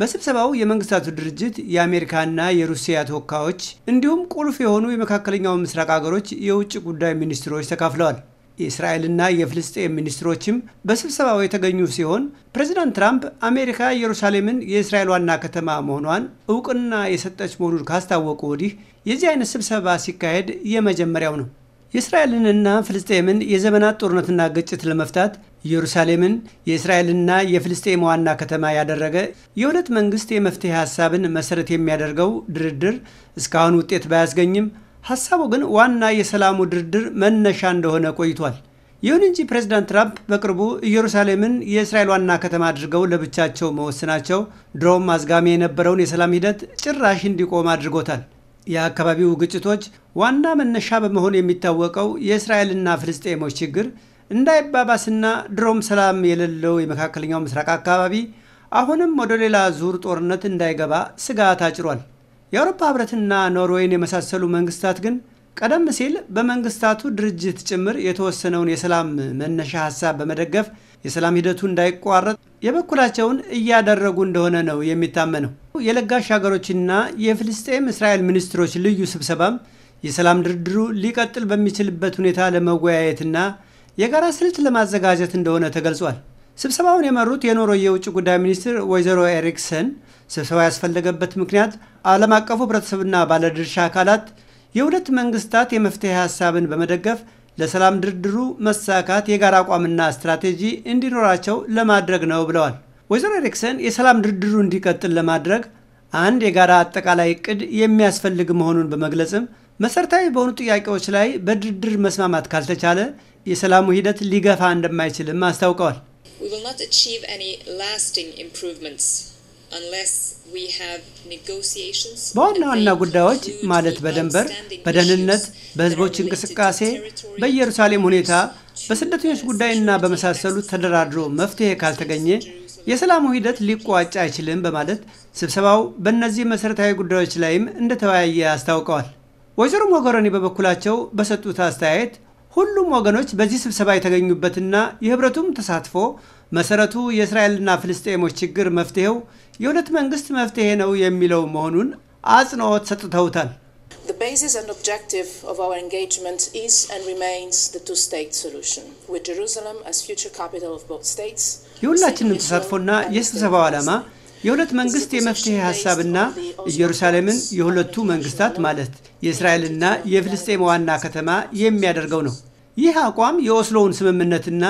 በስብሰባው የመንግስታቱ ድርጅት የአሜሪካና የሩሲያ ተወካዮች እንዲሁም ቁልፍ የሆኑ የመካከለኛው ምስራቅ አገሮች የውጭ ጉዳይ ሚኒስትሮች ተካፍለዋል። የእስራኤልና የፍልስጤም ሚኒስትሮችም በስብሰባው የተገኙ ሲሆን ፕሬዚዳንት ትራምፕ አሜሪካ ኢየሩሳሌምን የእስራኤል ዋና ከተማ መሆኗን እውቅና የሰጠች መሆኑን ካስታወቁ ወዲህ የዚህ አይነት ስብሰባ ሲካሄድ የመጀመሪያው ነው። የእስራኤልንና ፍልስጤምን የዘመናት ጦርነትና ግጭት ለመፍታት ኢየሩሳሌምን የእስራኤልና የፍልስጤም ዋና ከተማ ያደረገ የሁለት መንግስት የመፍትሄ ሀሳብን መሰረት የሚያደርገው ድርድር እስካሁን ውጤት ባያስገኝም ሀሳቡ ግን ዋና የሰላሙ ድርድር መነሻ እንደሆነ ቆይቷል። ይሁን እንጂ ፕሬዚዳንት ትራምፕ በቅርቡ ኢየሩሳሌምን የእስራኤል ዋና ከተማ አድርገው ለብቻቸው መወሰናቸው ድሮም አዝጋሚ የነበረውን የሰላም ሂደት ጭራሽ እንዲቆም አድርጎታል። የአካባቢው ግጭቶች ዋና መነሻ በመሆን የሚታወቀው የእስራኤልና ፍልስጤሞች ችግር እንዳይባባስና ድሮም ሰላም የሌለው የመካከለኛው ምስራቅ አካባቢ አሁንም ወደ ሌላ ዙር ጦርነት እንዳይገባ ስጋት አጭሯል። የአውሮፓ ህብረትና ኖርዌይን የመሳሰሉ መንግስታት ግን ቀደም ሲል በመንግስታቱ ድርጅት ጭምር የተወሰነውን የሰላም መነሻ ሀሳብ በመደገፍ የሰላም ሂደቱ እንዳይቋረጥ የበኩላቸውን እያደረጉ እንደሆነ ነው የሚታመነው። የለጋሽ ሀገሮችና የፍልስጤም እስራኤል ሚኒስትሮች ልዩ ስብሰባም የሰላም ድርድሩ ሊቀጥል በሚችልበት ሁኔታ ለመወያየትና የጋራ ስልት ለማዘጋጀት እንደሆነ ተገልጿል። ስብሰባውን የመሩት የኖሮ የውጭ ጉዳይ ሚኒስትር ወይዘሮ ኤሪክሰን ስብሰባ ያስፈለገበት ምክንያት ዓለም አቀፉ ህብረተሰብና ባለድርሻ አካላት የሁለት መንግስታት የመፍትሄ ሀሳብን በመደገፍ ለሰላም ድርድሩ መሳካት የጋራ አቋምና ስትራቴጂ እንዲኖራቸው ለማድረግ ነው ብለዋል። ወይዘሮ ኤሪክሰን የሰላም ድርድሩ እንዲቀጥል ለማድረግ አንድ የጋራ አጠቃላይ እቅድ የሚያስፈልግ መሆኑን በመግለጽም መሰረታዊ በሆኑ ጥያቄዎች ላይ በድርድር መስማማት ካልተቻለ የሰላሙ ሂደት ሊገፋ እንደማይችልም አስታውቀዋል። በዋና ዋና ጉዳዮች ማለት በደንበር በደህንነት፣ በህዝቦች እንቅስቃሴ፣ በኢየሩሳሌም ሁኔታ፣ በስደተኞች ጉዳይና በመሳሰሉት ተደራድሮ መፍትሄ ካልተገኘ የሰላሙ ሂደት ሊቋጭ አይችልም በማለት ስብሰባው በእነዚህ መሰረታዊ ጉዳዮች ላይም እንደተወያየ አስታውቀዋል። ወይዘሮ ሞገረኒ በበኩላቸው በሰጡት አስተያየት ሁሉም ወገኖች በዚህ ስብሰባ የተገኙበትና የህብረቱም ተሳትፎ መሰረቱ የእስራኤልና ፍልስጤሞች ችግር መፍትሄው የሁለት መንግስት መፍትሄ ነው የሚለው መሆኑን አጽንኦት ሰጥተውታል። የሁላችንም ተሳትፎና የስብሰባው ዓላማ የሁለት መንግስት የመፍትሄ ሀሳብና ኢየሩሳሌምን የሁለቱ መንግስታት ማለት የእስራኤልና የፍልስጤም ዋና ከተማ የሚያደርገው ነው። ይህ አቋም የኦስሎውን ስምምነትና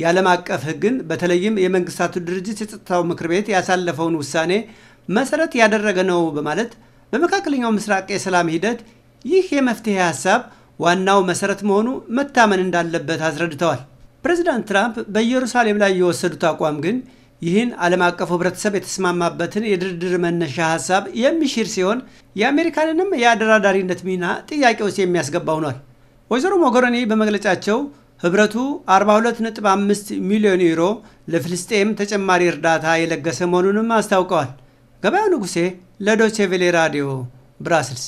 የዓለም አቀፍ ሕግን በተለይም የመንግስታቱ ድርጅት የጸጥታው ምክር ቤት ያሳለፈውን ውሳኔ መሰረት ያደረገ ነው በማለት በመካከለኛው ምስራቅ የሰላም ሂደት ይህ የመፍትሄ ሀሳብ ዋናው መሰረት መሆኑ መታመን እንዳለበት አስረድተዋል። ፕሬዚዳንት ትራምፕ በኢየሩሳሌም ላይ የወሰዱት አቋም ግን ይህን ዓለም አቀፉ ህብረተሰብ የተስማማበትን የድርድር መነሻ ሀሳብ የሚሽር ሲሆን የአሜሪካንንም የአደራዳሪነት ሚና ጥያቄ ውስጥ የሚያስገባ ሆኗል። ወይዘሮ ሞጎረኒ በመግለጫቸው ህብረቱ 42.5 ሚሊዮን ዩሮ ለፍልስጤም ተጨማሪ እርዳታ የለገሰ መሆኑንም አስታውቀዋል። ገበያው ንጉሴ ለዶቼቬሌ ራዲዮ ብራስልስ